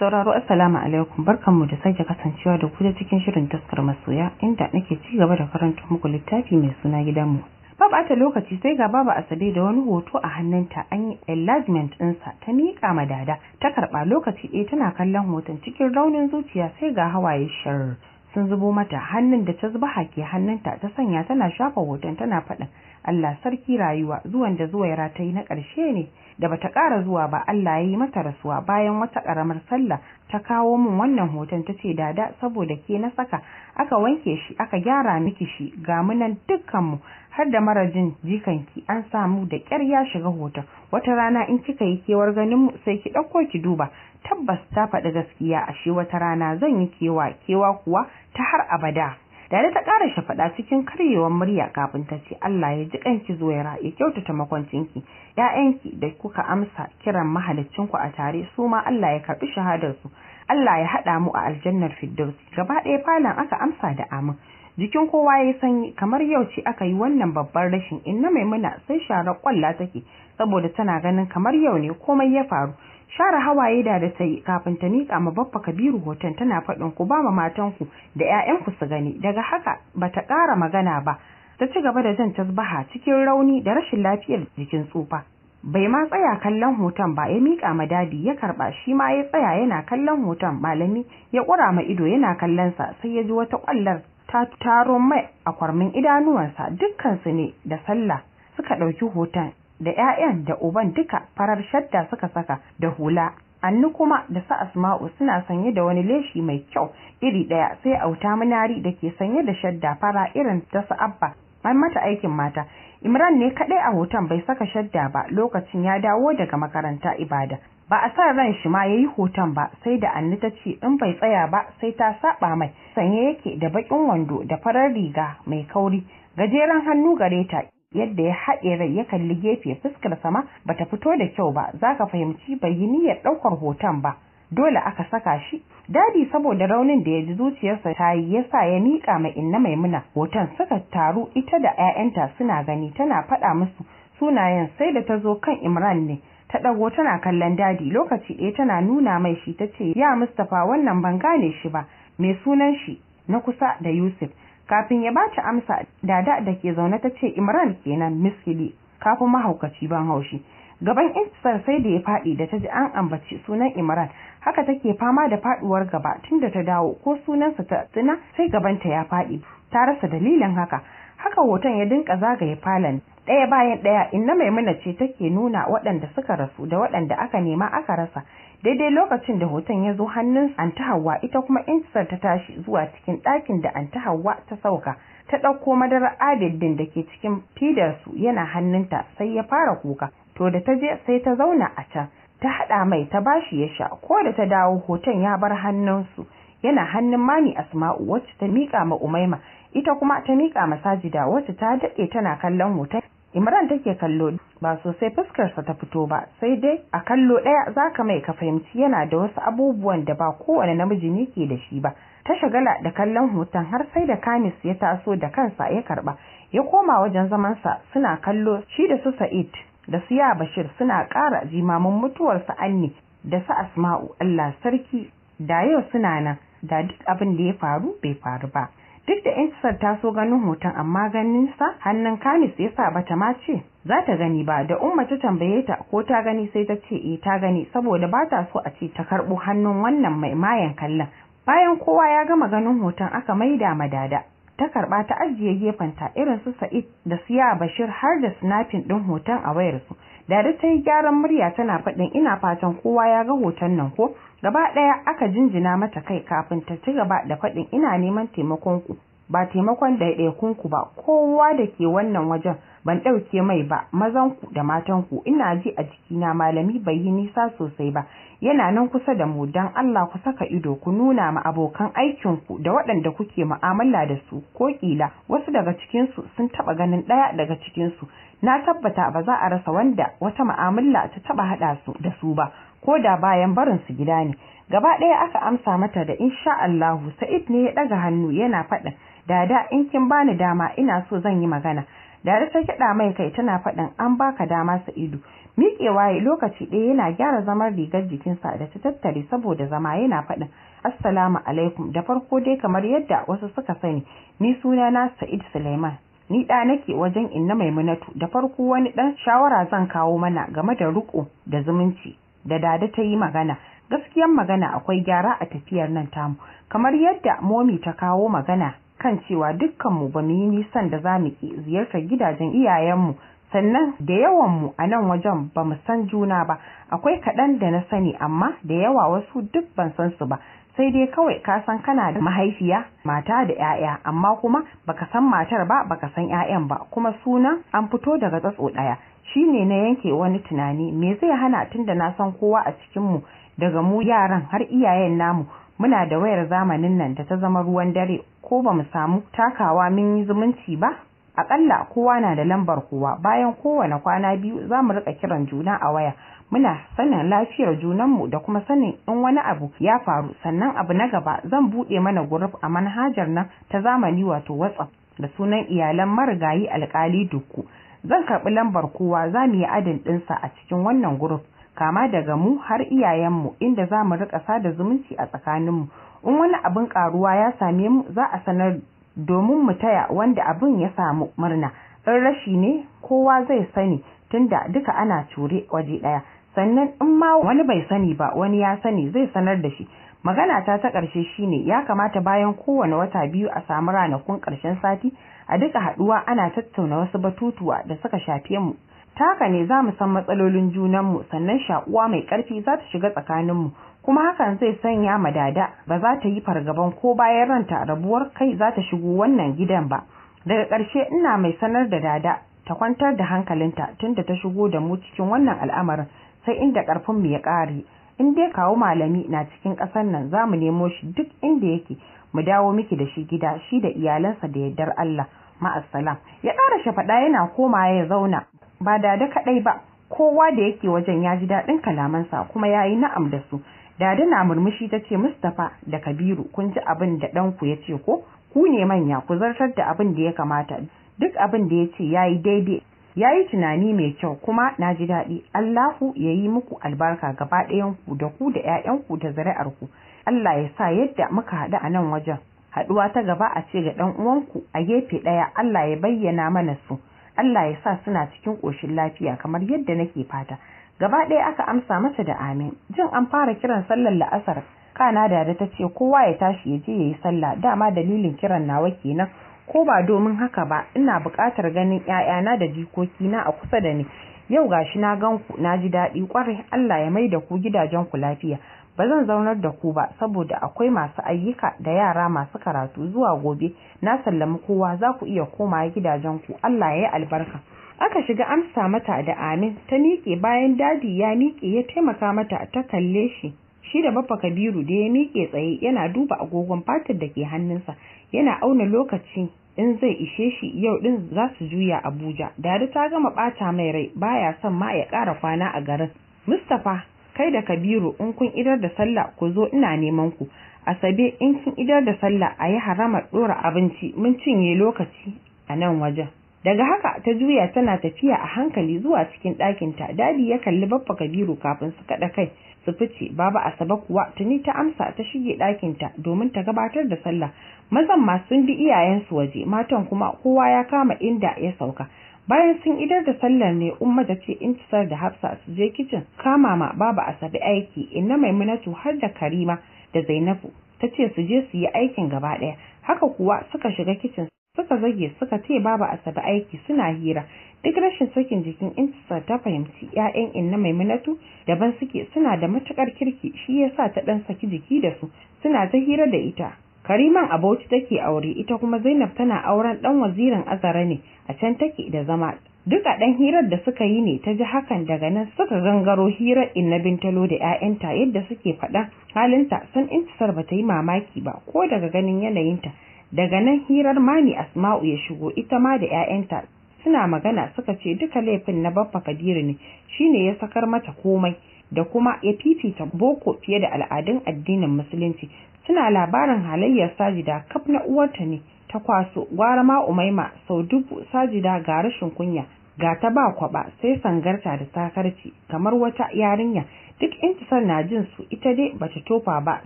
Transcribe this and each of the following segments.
sauraro assalamu alaikum mu da sake kasancewa da ku da cikin shirin taskar masoya inda nake ci gaba da karanta muku littafi mai suna gidanmu ba bata lokaci sai ga baba asabe da wani hoto a hannunta an yi enlargement ɗinsa ta miƙa madada, ta karɓa lokaci ɗaya tana kallon hoton cikin raunin zuciya sai ga hawaye shar sun zubo mata hannun da ta zuba hake hannunta ta sanya tana shafa hoton tana faɗin Allah sarki rayuwa zuwan da zuwa yara ta yi na ƙarshe ne da bata ƙara zuwa ba Allah ya yi mata rasuwa bayan wata ƙaramar sallah ta kawo min wannan hoton ta ce dada saboda ke na saka aka wanke shi aka gyara miki shi ga munan dukkanmu har da mara jin jikanki an samu da ƙyar ya shiga hoton wata rana in kika yi kewar ganin mu sai ki ɗauko ki duba tabbas ta faɗi gaskiya ashe wata rana zan yi kewa kewa kuwa ta har abada dare ta ƙara shafaɗa cikin karyewar murya kafin ta ce Allah ya ji ki zuwaira ya kyautata makwancinki 'ya'yanki da kuka amsa kiran mahalicinku a tare su ma Allah ya karɓi shahadarsu Allah ya haɗa mu a aljannar Fiddausi, gaba ɗaya falon aka amsa da amin jikin kowa ya yi sanyi kamar yau ce aka yi wannan babban rashin inna maimuna sai share kwalla take saboda tana ganin kamar yau ne komai ya faru share hawaye da da ta yi kafin ta miƙa ma babba kabiru hoton tana faɗin ku ba ma matanku da 'ya'yanku su gani daga haka bata ƙara magana ba ta ci gaba da jan tasbaha cikin rauni da rashin lafiyar jikin tsufa bai ma tsaya kallon hoton ba ya mika ma dadi ya karba shi ma ya tsaya yana kallon hoton malami ya ƙura ma ido yana kallon sa sai ya ji wata kwallar ta taro mai a kwarmin idanuwansa dukkansu ne da sallah suka ɗauki hoton da 'ya'yan da uban duka farar shadda suka saka da hula annu kuma da sa asma'u suna sanye da wani leshi mai kyau iri ɗaya sai auta munari da ke sanye da shadda fara irin ta sa'abba an mata aikin mata imran ne kaɗai a hoton bai saka shadda ba lokacin ya dawo daga makaranta ibada ba a san ran shi ma yayi hoton ba sai da anni ta ce in bai tsaya ba sai ta saba mai sanye yake da bakin wando da farar riga mai kauri gajeren hannu gare ta yadda ya haɗe rai ya kalli gefe fuskar sama bata fito da kyau ba zaka fahimci bai yi niyyar ɗaukar hoton ba dole aka saka shi dadi saboda raunin da ya ji zuciyarsa ta yi ya sa ya miƙa mai inna maimuna hoton suka taru ita da 'ya'yanta suna gani tana faɗa musu sunayen sai da ta zo kan imran ne ta ɗago tana kallon dadi lokaci ɗaya tana nuna mai shi ta ce ya Mustapha wannan ban gane shi ba mai sunan shi na kusa da Yusuf kafin ya bata amsa dada da ke zaune ta ce Imran kenan miskili kafin mahaukaci ban haushi gaban Isfar sai da ya faɗi da ta ji an ambaci sunan Imran haka take fama da faɗuwar gaba tunda ta dawo ko sunansa ta tsina sai gabanta ya faɗi ta rasa dalilin haka haka hoton ya dinka zagaye falon ɗaya bayan ɗaya inna maimuna ce take nuna waɗanda suka rasu da waɗanda aka nema aka rasa daidai lokacin da hoton ya zo hannun anti hawa ita kuma intisar ta tashi zuwa cikin ɗakin da anti hawa ta sauka ta ɗauko madarar adadin da ke cikin fidarsu yana hannunta sai ya fara kuka to da ta je sai ta zauna a can ta haɗa mai ta bashi ya sha ko da ta dawo hoton ya bar hannunsu yana hannun Mani asma'u wacce ta miƙa ma umaima ita kuma ta miƙa ma sajida wacce ta daɗe tana kallon hoton Imran take kallo ba sosai fuskarsa ta fito ba sai dai a kallo ɗaya zaka mai ka fahimci yana da wasu abubuwan da ba kowane namiji yake da shi ba ta shagala da kallon hoton har sai da kamis ya taso da kansa ya karba ya koma wajen zamansa suna kallo shi da su sa'id da su ya bashir suna ƙara jimamin mutuwarsa anni da su asma'u allah sarki da yau suna nan da duk abin da ya faru bai faru ba duk da Insar ta so ganin hoton amma ganin sa hannun Kamis ya sa bata ma ce za ta gani ba da umma ta tambaye ta ko ta gani sai ta ce eh ta gani saboda ba ta so a ce ta karbo hannun wannan mai mayan kallon bayan kowa ya gama ganin hoton aka maida madada ta karba ta ajiye gefen ta irin su Sa'id da Siya Bashir har da snapping din hoton a wayarsu Dada ta yi gyaran murya tana faɗin ina fatan kowa ya ga hoton nan ko gaba ɗaya aka jinjina mata kai kafin ta ci gaba da faɗin ina neman taimakon ku ba taimakon ɗaiɗaikun ku ba kowa da ke wannan wajen ban ɗauke mai ba mazanku da matanku ina ji a jikina malami bai yi nisa sosai ba yana nan kusa da mu don Allah ku saka ido ku nuna ma abokan aikinku da waɗanda kuke mu'amala da su ko ƙila wasu daga cikinsu sun taɓa ganin ɗaya daga cikinsu na tabbata ba za a rasa wanda wata mu'amala ta taɓa haɗa su da su ba ko da bayan barin su gida ne gaba ɗaya aka amsa mata da insha Allahu Sa'id ne ya ɗaga hannu yana faɗin dada in kin bani dama ina so zan yi magana Dare ta kiɗa mai kai tana faɗin an baka dama Sa'idu. Miƙewa ya lokaci ɗaya yana gyara zamar rigar jikinsa da ta tattare saboda zama yana faɗin Assalamu alaikum da farko dai kamar yadda wasu suka sani ni suna na Sa'id Suleiman. Ni ɗa nake wajen inna Maimunatu da farko wani ɗan shawara zan kawo mana game da riƙo da zumunci da dada ta yi magana. Gaskiyan magana akwai gyara a tafiyar nan tamu kamar yadda momi ta kawo magana kan cewa dukkanmu ba mu yi nisan da za mu ki ziyartar gidajen iyayenmu sannan da yawanmu a nan wajen ba mu san juna ba akwai kaɗan da na sani amma da yawa wasu duk ban san su ba sai dai kawai ka san kana da mahaifiya mata da 'ya'ya amma kuma baka san matar ba baka san 'ya'yan ba kuma suna an fito daga tsatso ɗaya shine na yanke wani tunani me zai hana tunda na san kowa a cikinmu daga mu yaran har iyayen namu muna da wayar zamanin nan da ta zama ruwan dare ko ba mu samu takawa mun yi zumunci ba akalla kowa na da lambar kowa bayan kowane kwana biyu za mu rika kiran juna a waya muna sanin lafiyar junanmu da kuma sanin in wani abu ya faru sannan abu na gaba zan buɗe mana guruf a manhajar nan ta zamani wato whatsapp da sunan iyalan marigayi alkali dukku zan karɓi lambar kowa za mu yi adin ɗinsa a cikin wannan guruf kama daga mu har iyayenmu inda za mu rika sada zumunci a tsakaninmu in wani abin karuwa ya same mu za a sanar domin mu taya wanda abin ya samu murna in rashi ne kowa zai sani tunda duka ana ture waje daya sannan in ma wani bai sani ba wani ya sani zai sanar da shi magana ta ta ƙarshe shine ya kamata bayan kowane wata biyu a samu ranakun karshen sati a duka haɗuwa ana tattauna wasu batutuwa da suka shafe mu Taka ne za mu san matsalolin junanmu sannan sha'uwa mai ƙarfi za ta shiga tsakaninmu kuma hakan zai sanya ma dada ba za ta yi fargaban ko bayan ranta rabuwar kai za ta shigo wannan gidan ba daga ƙarshe ina mai sanar da dada ta kwantar da hankalinta tun da ta shigo da mu cikin wannan al'amarin sai inda ƙarfin mu ya ƙare in dai kawo malami na cikin ƙasar nan za mu nemo shi duk inda yake mu dawo miki da shi gida shi da iyalansa da yardar Allah ma'assalam ya ƙara shafaɗa yana koma ya zauna ba dada kaɗai ba kowa da yake wajen ya ji daɗin kalamansa kuma ya yi na'am da su Dadi na murmushi ta ce Mustapha da Kabiru kun ji abin da ɗanku ya ce ko ku ne manya ku zartar da abin da ya kamata duk abin da ya ce ya yi daidai ya yi tunani mai kyau kuma na ji daɗi Allahu ya yi muku albarka gaba ɗayanku da ku da 'ya'yanku da zari'arku. Allah ya sa yadda muka haɗu a nan wajen haɗuwa ta gaba a ce ga ɗan uwanku a gefe ɗaya Allah ya bayyana mana su Allah ya sa suna cikin ƙoshin lafiya kamar yadda nake fata gaba ɗaya aka amsa masa da amin jin an fara kiran sallar la'asar kana da ta ce kowa ya tashi ya je ya yi sallah dama dalilin kiran nawa kenan ko ba domin haka ba ina buƙatar ganin ƴaƴana da jikoki na a kusa da ni yau gashi na gan ku na ji daɗi ƙwarai Allah ya mai da ku gidajen ku lafiya ba zan zaunar da ku ba saboda akwai masu ayyuka da yara masu karatu zuwa gobe na sallami kowa za ku iya komawa gidajen ku Allah ya yi albarka aka shiga amsa mata da amin ta miƙe bayan dadi ya miƙe ya taimaka mata ta kalle shi shi da bafa kabiru da ya miƙe tsaye yana duba agogon fatar da ke hannunsa yana auna lokaci in zai ishe shi yau din za su juya abuja dadi ta gama ɓata mai rai baya son ma ya ƙara kwana a garin mustapha kai da kabiru in kun idar da sallah ku zo ina neman ku asabe in kun idar da sallah a yi haramar ɗora abinci mun cinye lokaci a nan wajen daga haka ta juya tana tafiya a hankali zuwa cikin ɗakinta dadi ya kalli baffa kabiru kafin su kaɗa kai su fice baba asabe kuwa tuni ta amsa ta shige ɗakinta domin ta gabatar da sallah mazan ma sun bi iyayensu waje matan kuma kowa ya kama inda ya sauka bayan sun idar da sallar ne umma ta ce in tsar da hafsa su je kicin kama ma baba asabe aiki inna maimunatu har da karima da zainabu ta ce su je su yi aikin gaba ɗaya haka kuwa suka shiga kicin suka zage suka ce babu asabe aiki suna hira duk rashin sakin jikin intisa ta fahimci 'ya'yan inna maimunatu daban suke suna da matukar kirki shi yasa ta dan saki jiki da su suna ta hira da ita kariman abauci take aure ita kuma zainab tana auren dan wazirin azara ne a can take da zama duk a dan hirar da suka yi ne ta ji hakan daga nan suka gangaro hirar inna bintalo da 'ya'yanta yadda suke faɗa halinta san intisar ba ta yi mamaki ba ko daga ganin yanayinta daga nan hirar mami asma'u ya shigo ita ma da 'ya'yanta suna magana suka ce duka laifin na baffa kabiru ne shine ya sakar mata komai da kuma ya fifita boko fiye da al'adun addinin musulunci suna labarin halayyar sajida kaf na uwarta ne ta kwaso gwara ma umaima sau dubu sajida ga rashin kunya ga ta ba kwaba sai sangarta da sakarci kamar wata yarinya duk intisar na jin su ita dai bata tofa ba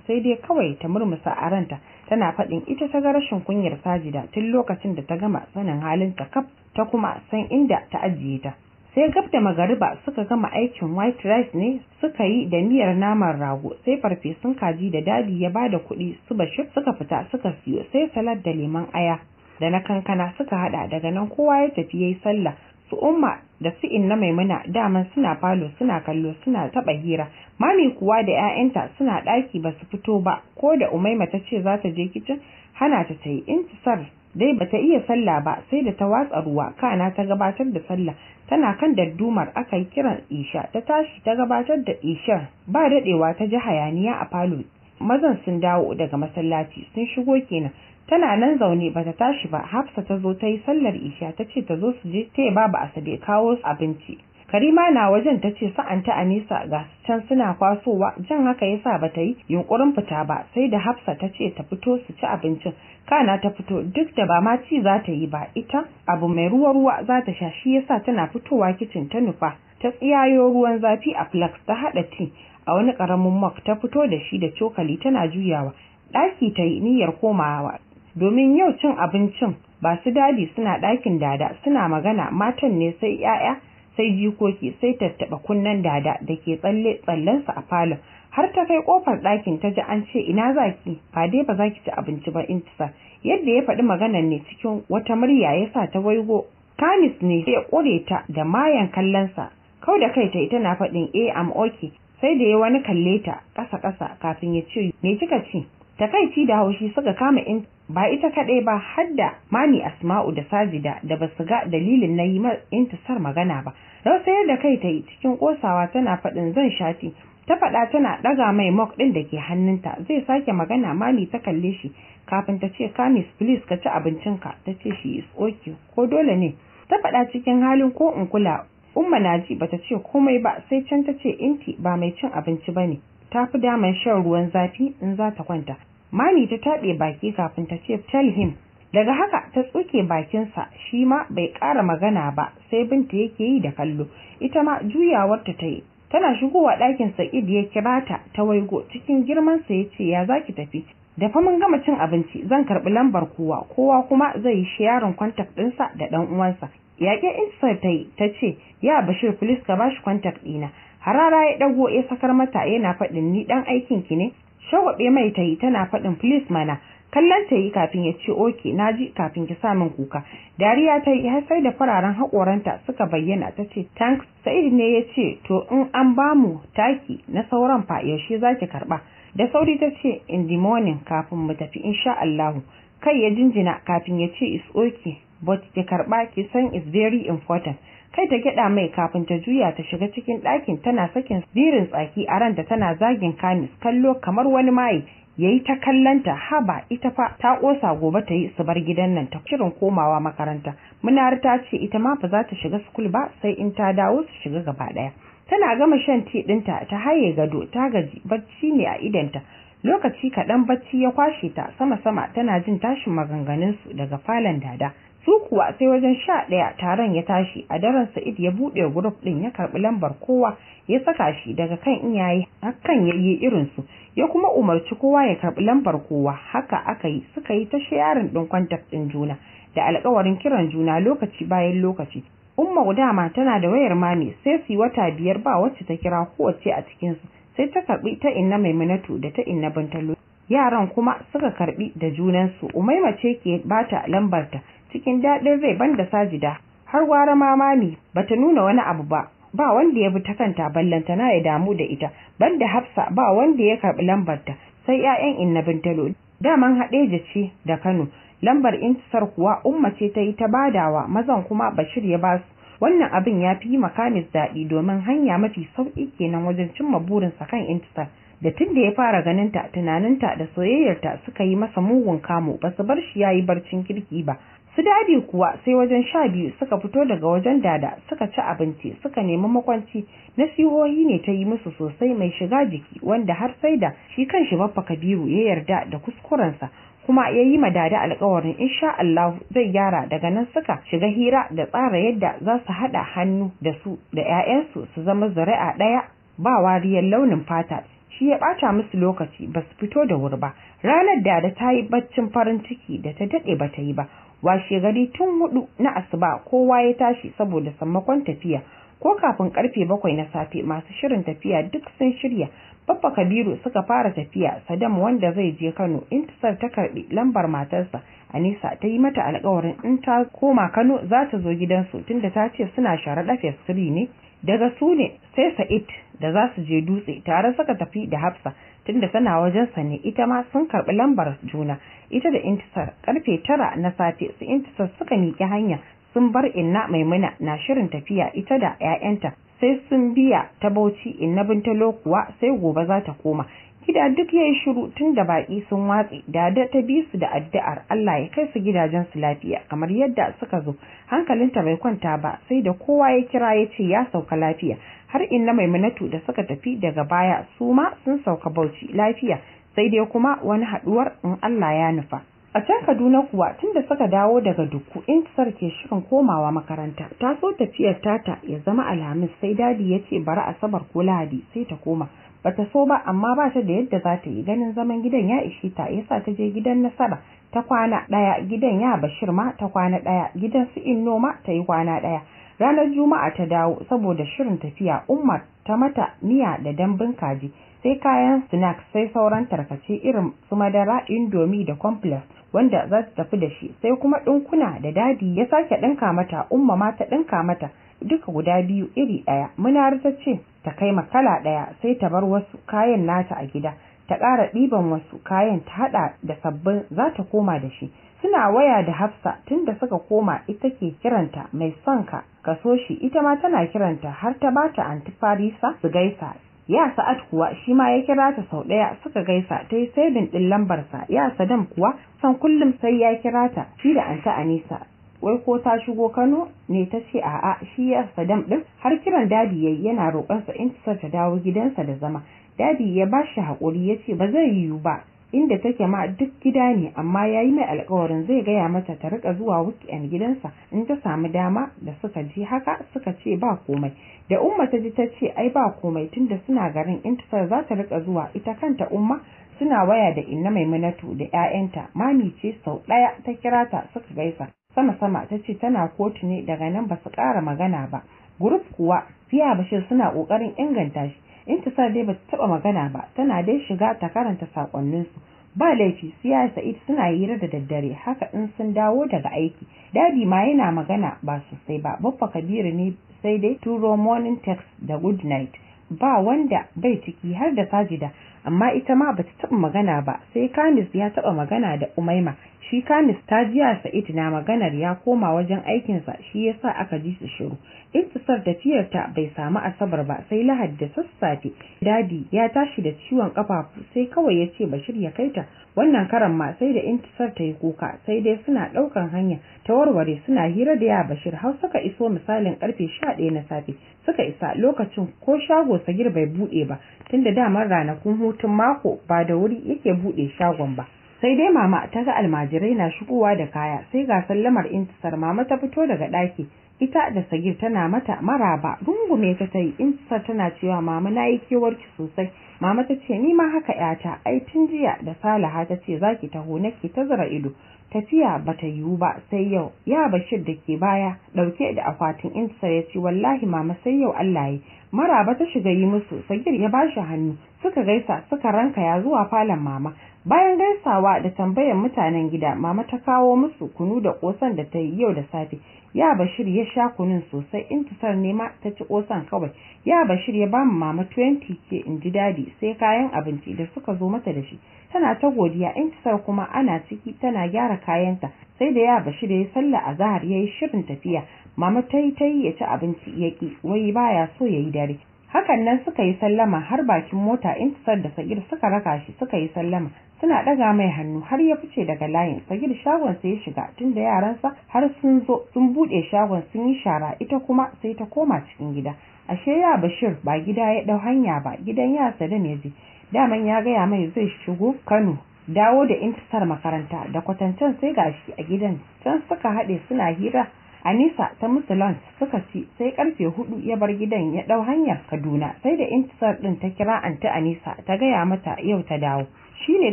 sai dai kawai ta murmusa a ranta tana fadin ita ta ga rashin kunyar sajida tun lokacin da ta gama sanin halin halinta kaf ta kuma san inda ta ajiye ta sai gab da magariba suka gama aikin white rice ne suka yi da miyar naman rago sai farfesun kaji da dadi ya bada kuɗi su suka fita suka siyo sai salad da lemon aya da na kankana suka hada daga nan kowa ya tafi yayi sallah su umma da su inna maimuna daman suna falo suna kallo suna taɓa hira mami kuwa da 'ya'yanta suna ɗaki ba su fito ba ko da umaima ta ce za ta je kicin hana ta ta yi intisar dai ba ta iya sallah ba sai da ta watsa ruwa kana ta gabatar da sallah tana kan daddumar aka yi kiran isha ta tashi ta gabatar da ishar ba daɗewa ta ji hayaniya a falo mazan sun dawo daga masallaci sun shigo kenan tana nan zaune ba ta tashi ba hafsa ta zo ta yi sallar isha ta ce ta zo su je ta babu asabe kawo abinci karima na wajen ta ce sa'an ta anisa ga can suna kwasowa jan haka yasa ba ta yi yunkurin fita ba sai da hafsa ta ce ta fito su ci abincin kana ta fito duk da ba ma ci za ta yi ba ita abu mai ruwa ruwa za ta sha shi yasa tana fitowa kicin ta nufa ta tsiyayo ruwan zafi a flax ta haɗa ti a wani ƙaramin mug, ta fito da shi da cokali tana juyawa ɗaki ta yi niyyar komawa domin yau cin abincin ba su dadi suna ɗakin dada suna magana matan ne sai 'ya'ya sai jikoki sai tattaɓa kunnen dada da ke tsalle tsallensa a falon har ta kai kofar ɗakin ta ji an ce ina zaki ba dai ba zaki ci abinci ba in intisa yadda ya faɗi maganar ne cikin wata murya ya sa ta waigo kanis ne ya ƙure ta da mayan kallonsa kau da kai ta ita na faɗin a eh, am okay sai da ya wani kalle ta ƙasa ƙasa kafin ya ce me kika ci takaici da haushi suka kama in ba ita kaɗai ba har da mani asma'u da sajida da ba su ga dalilin na yi intisar magana ba rausa da kai ta yi cikin ƙosawa tana faɗin zan shati ta faɗa tana ɗaga mai mok ɗin da ke hannunta zai sake magana mami ta kalle shi kafin ta ce kamis please ka ci abincinka ta ce shi is ok ko dole ne ta faɗa cikin halin ko in kula umma naji bata ce komai ba sai can ta ce inti ba mai cin abinci ba ne. ta fi daman shan ruwan zafi in za ta kwanta mami ta taɓe baki kafin ta ce tell him daga haka ta tsuke bakinsa shi ma bai ƙara magana ba sai binta yake yi da kallo ita ma juyawarta ta yi tana shigowa ɗakin sa'id ya kira ta ta waigo cikin girmansa ya ce ya za ki tafi da fa mun gama cin abinci zan karɓi lambar kowa kowa kuma zai yi sharing kwantak ɗinsa da ɗan uwansa yaƙe insa ta yi ta ce ya bashir please ka bashi kwantak ɗina harara ya ɗago ya sakar mata yana faɗin ni ɗan aikin ki ne shagwabe mai ta yi tana faɗin please mana kallon ta yi kafin ya ce oke na ji kafin ki sa min kuka dariya ta yi har sai da fararen haƙoranta suka bayyana ta ce thanks sai ne ya ce to in an bamu taki na sauran fa yaushe za ki karɓa da sauri ta ce in the morning kafin mu tafi insha Allahu kai ya jinjina kafin ya ce is o'ke but ki karɓa ki san is very important kai ta gyada mai kafin ta juya ta shiga cikin ɗakin tana sakin zirin tsaki a ran da tana zagin kamis kallo kamar wani maye yi ta kallanta haba ita fa ta ƙosa gobe ta yi su bar gidan nan ta kirin komawa makaranta munar ta ce ita ma ba za ta shiga sukul ba sai in ta dawo su shiga gaba ɗaya. tana gama shan ti ɗinta ta haye gado ta gaji bacci ne a idanta lokaci kaɗan bacci ya kwashe ta sama-sama tana jin tashin maganganunsu daga falon dada su kuwa sai wajen sha ɗaya taron ya tashi a daren sa'id ya buɗe gurup ɗin ya karɓi lambar kowa ya saka shi daga kan iyaye hakan ya yi irinsu ya kuma umarci kowa ya karɓi lambar kowa haka aka yi suka yi ta shayarin ɗin kwantak ɗin juna da alkawarin kiran juna lokaci bayan lokaci umma ma tana da wayar mami sai su wata biyar ba wacce ta kira kowace a cikinsu sai ta karɓi ta inna maimunatu da ta inna bantalo yaran kuma suka karɓi da junansu umaima ce ke bata lambarta cikin daɗin rai banda sajida har gwara mamami ta nuna wani abu ba ba wanda ya bi ta kanta ballanta na ya damu da ita banda hafsa ba wanda ya karɓi lambarta sai 'ya'yan innabin talo daman haɗeja ce da kano lambar intisar kuwa umma ce ta yi ta badawa mazan kuma bashir ya basu wannan abin ya fi makamis daɗi domin hanya mafi sauƙi kenan wajen cimma burinsa kan intisar da tun da ya fara ganinta tunaninta da soyayyarta suka yi masa mugun kamo ba su bar shi ya yi barcin kirki ba su dadi kuwa sai wajen sha biyu suka fito daga wajen dada suka ci abinci suka nemi makwanci nasihohi ne ta yi musu sosai mai shiga jiki wanda har sai da shi kanshi baffa kabiru ya yarda da kuskurensa kuma ya yi dada alkawarin insha Allah zai gyara daga nan suka shiga hira da tsara yadda za su haɗa hannu da su da 'ya'yansu su zama zuri'a ɗaya ba wariyar launin fata shi ya ɓata musu lokaci ba su fito da wuri ba ranar dada da ta yi baccin farin ciki da ta daɗe ba ta yi ba washe gari tun hudu na asuba kowa ya tashi saboda sammakon tafiya ko kafin karfe bakwai na safe masu shirin tafiya duk sun shirya babba kabiru suka fara tafiya sadam wanda zai je kano intisar ta karbi lambar matarsa anisa ta yi mata alkawarin in ta koma kano za ta zo gidansu tunda ta ce suna sharaɗa fesiri ne daga su ne sai sa'id da za su je dutse tare suka tafi da hafsa tunda tana wajen ne ita ma sun karɓi lambar juna ita da intisar karfe tara na safe su intisar suka miƙi hanya sun bar inna maimuna na shirin tafiya ita da 'ya'yanta sai sun biya ta bauchi inna binta lokuwa sai gobe za ta koma Gida duk ya yi shiru tun da baƙi sun watse, dada ta bi su da addu'ar Allah ya kai su gidajen su lafiya kamar yadda suka zo. Hankalinta bai kwanta ba sai da kowa ya kira ya ce ya sauka lafiya. Har inna maimunatu da suka tafi daga baya su ma sun sauka bauchi lafiya sai dai kuma wani haduwar in Allah ya nufa. A can Kaduna kuwa tunda suka dawo daga duku, in ke shirin komawa makaranta ta so tafiyar tata ya zama Alhamis sai dadi ya ce bari Asabar ko Lahadi sai ta koma. Bata so ba amma ba ta da yadda za ta yi ganin zaman gidan ya ishe ta yasa ta je gidan Nasara ta kwana ɗaya gidan ya Bashir ma ta kwana ɗaya gidan su Inno ma ta yi kwana ɗaya. Ranar Juma'a ta dawo saboda shirin tafiya umar ta mata miya da dambun kaji sai kayan snacks sai sauran tarkace irin su madara, indomi da complex wanda za su tafi da shi sai kuma ɗinkuna da dadi ya sake ɗinka mata umma ma ta ɗinka mata duka guda biyu iri ɗaya munar ta ce ta kai makala ɗaya sai ta bar wasu kayan nata a gida ta ƙara ɗiban wasu kayan ta haɗa da sabbin za ta koma da shi suna waya da hafsa tunda suka koma ita ke kiranta mai son ka kaso shi ita ma tana kiranta har ta bata antifarisa su gaisa ya sa'ad kuwa shi ma ya kira ta sau ɗaya suka gaisa ta yi saibin ɗin lambarsa ya sadam kuwa san kullum sai ya kira ta shi da anta anisa wai ko ta shigo kano ne ta ce a'a shi ya sadam ɗin har kiran dadi yayi yana roƙonsa in ta dawo gidansa da zama dadi ya ba shi haƙuri ya ce ba zai yiwu ba inda take ma duk gida ne amma yayi mai alƙawarin zai gaya mata ta rika zuwa weekend gidansa in ta samu dama da suka ji haka suka ce ba komai da umma ta ji ta ce ai ba komai tunda suna garin intifar za ta rika zuwa ita kanta umma suna waya da inna maimunatu da 'ya'yanta mami ce sau ɗaya ta kira ta suka gaisa sama sama ta ce tana kotu ne daga nan ba su ƙara magana ba guruf kuwa fiya bashir suna ƙoƙarin inganta shi intisar dai ba taɓa magana ba tana dai shiga ta karanta sakonninsu ba laifi siya sa'id suna hira da daddare haka in sun dawo daga aiki dadi ma yana magana ba sosai ba baffa kabiru ne sai dai turo morning text da good night ba wanda bai ciki har da sajida amma ita ma bata taɓa magana ba sai Kamis ya taba magana da Umaima shi Kamis ta jiya Sa'id na maganar ya koma wajen aikinsa shi yasa aka ji su shiru Intisar da tafiyarta bai samu asabar ba sai Lahadi da sassafe dadi ya tashi da ciwon kafafu sai kawai ya ce Bashir ya ta wannan karan ma sai da Intisar ta yi kuka sai dai suna ɗaukan hanya ta warware suna hira da ya Bashir har suka iso misalin karfe ɗaya na safe suka isa lokacin ko shago Sagir bai buɗe ba tunda damar ranakun hutu hutun mako ba da wuri yake bude shagon ba sai dai mama ta ga almajirai na shigowa da kaya sai ga sallamar intisar mama ta fito daga ɗaki ita da sagir tana mata maraba rungume ta tayi intisar tana cewa mama na yi kewarki sosai mama ta ce ni ma haka yata ai tun jiya da salaha ta ce za ki taho nake ta zara ido tafiya bata yiwu ba sai yau ya bashir da ke baya dauke da akwatin intisar ya ce wallahi mama sai yau Allah yi maraba ta shiga yi musu sagir ya bashi hannu suka gaisa suka ranka ya zuwa falon mama bayan gaisawa da tambayan mutanen gida mama ta kawo musu kunu da kosan da ta yi yau da safe ya bashir ya sha kunun sosai in intisar nema ta ci kosan kawai ya bashir ya bamu mama 20 ke in ji dadi sai kayan abinci da suka zo mata da shi tana ta godiya in sar kuma ana ciki tana gyara kayanta sai da ya bashir ya yi sallah azahar ya yi shirin tafiya mama ta yi ta yi ya ci abinci ya ƙi wai baya so ya yi dare hakan nan suka yi sallama har bakin mota intisar da sagir suka raka shi suka yi sallama suna ɗaga mai hannu har ya fice daga layin sagir shagon sai ya shiga tun da yaransa har sun zo sun buɗe shagon sun yi shara ita kuma sai ta koma cikin gida ashe ya bashir ba gida ya ɗau hanya ba gidan ya sada ya ji daman ya gaya mai zai shigo kano dawo da intisar makaranta da kwatancen sai gashi a gidan can suka haɗe suna hira Anisa ta musulun suka ci sai karfe hudu ya bar gidan ya dau hanyar Kaduna sai da intisar din ta kira anti Anisa ta gaya mata yau ta dawo. Shi ne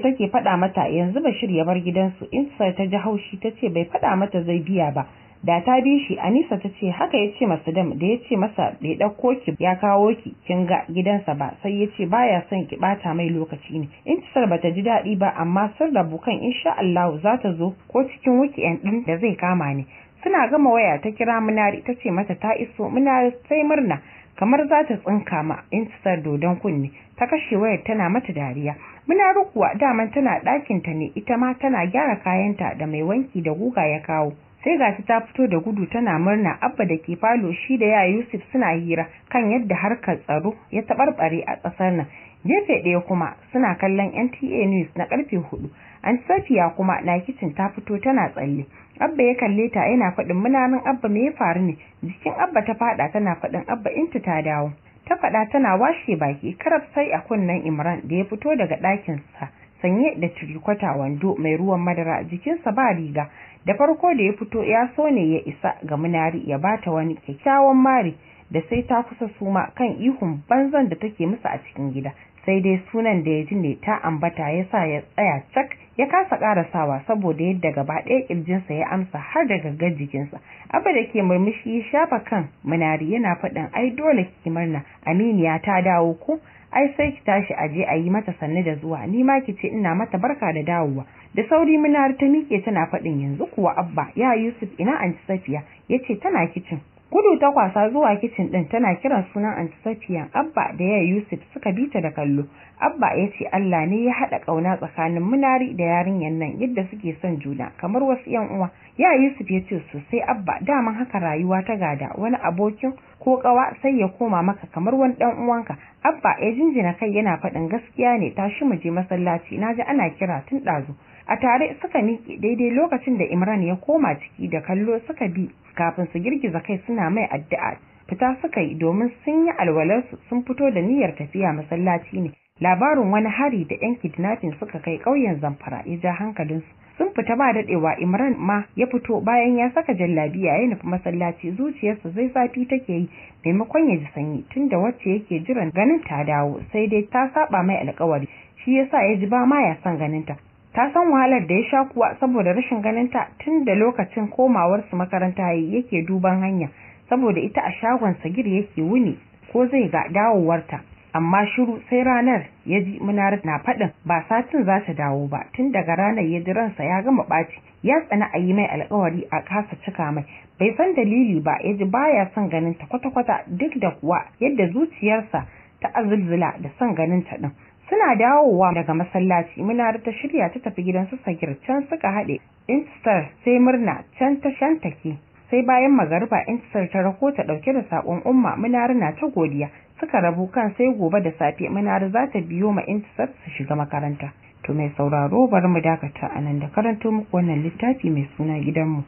take faɗa mata yanzu ba shirya bar gidansu intisar ta ji haushi ta ce bai faɗa mata zai biya ba. Da ta bi shi Anisa ta ce haka ya ce masa dam da ya ce masa bai ɗauko ki ya kawo ki kin ga gidansa ba sai ya ce baya son ki bata mai lokaci ne. Intisar ba ta ji daɗi ba amma sun bukan kan insha Allah za ta zo ko cikin wiki ɗin da zai kama ne. suna gama waya ta kira munari ta ce mata ta iso munari sai murna kamar za ta tsinka ma in tsar dodon kunne ta kashe wayar tana mata dariya munari kuwa dama tana ɗakinta ne ita ma tana gyara kayanta da mai wanki da guga ya kawo sai ga ta fito da gudu tana murna abba da ke falo shi da ya yusuf suna hira kan yadda harkar tsaro ya taɓarɓare a ƙasar nan gefe ɗaya kuma suna kallon nta news na karfe hudu an safiya kuma na kicin ta fito tana tsalle abba ya kalle ta yana faɗin munanan abba me ya faru ne jikin abba ta faɗa tana faɗin abba inta ta dawo ta faɗa tana washe baki karab sai a kunnen imran da ya fito daga ɗakin sa sanye da cirkwata wando mai ruwan madara jikinsa ba riga da farko da ya fito ya so ne ya isa ga munari ya bata wani kyakkyawan mari da sai ta kusa suma kan ihun banzan da take musu a cikin gida sai dai sunan da ya ji ne ta ambata ya sa ya tsaya cak ya kasa karasawa saboda yadda gaba ɗaya ƙirjinsa ya amsa har da gaggar jikinsa abu da ke murmushi ya shafa kan munari yana faɗin ai dole ki murna aminiya ta dawo ku. ai sai ki tashi a je a yi mata sannu da zuwa ni ma ki ce ina mata barka da dawowa da sauri munari ta miƙe tana faɗin yanzu kuwa abba ya yusuf ina an ci safiya ya ce tana kicin Kudu ta kwasa zuwa kicin ɗin tana kiran sunan Aunt Abba da ya Yusuf suka bi ta da kallo. Abba ya ce Allah ne ya haɗa ƙauna tsakanin munari da yarinyar nan yadda suke son juna kamar wasu ‘yan uwa. Ya Yusuf ya ce sosai Abba daman haka rayuwa ta gada wani abokin ko ƙawa sai ya koma maka kamar wani ɗan uwanka. Abba ya jinjina kai yana faɗin gaskiya ne tashi mu je masallaci na ji ana kira tun ɗazu. a tare suka miƙe daidai lokacin da Imran ya koma ciki da kallo suka bi kafin su girgiza kai suna mai addu'a fita suka yi domin sun yi alwalarsu sun fito da niyyar tafiya masallaci ne labarin wani hari da yan kidnapping suka kai ƙauyen Zamfara ya ja hankalinsu sun fita ba daɗewa Imran ma ya fito bayan ya saka jallabiya ya nufi masallaci zuciyarsa zai zafi take yi maimakon ya ji sanyi tunda wacce yake jiran ganin ta dawo sai dai ta saba mai alkawari shi yasa ya ji ba ma ya son ganinta ta san wahalar da ya sha kuwa saboda rashin ganinta tun da lokacin komawarsu makaranta yake duban hanya saboda ita a shagon sagir yake wuni ko zai ga dawowarta amma shiru sai ranar ya ji munar na faɗin ba satin za ta dawo ba tun daga ranar ya ji ransa ya gama ɓaci ya tsana a yi mai alkawari a kasa cika mai bai san dalili ba ya ji baya son ganin ta kwata-kwata duk da kuwa yadda zuciyarsa ta azulzula da son ganin ta ɗin suna dawowa daga masallaci muna ta shirya ta tafi gidan su sagir can suka haɗe instar sai murna can ta shantake sai bayan magariba instar ta rako ta ɗauke da saƙon umma Munari na ta godiya suka rabu kan sai gobe da safe Munari za ta biyo ma instar su shiga makaranta to mai sauraro bari mu dakata a nan da karanto muku wannan littafi mai suna gidanmu.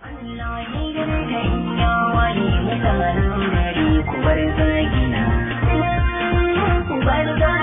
Allah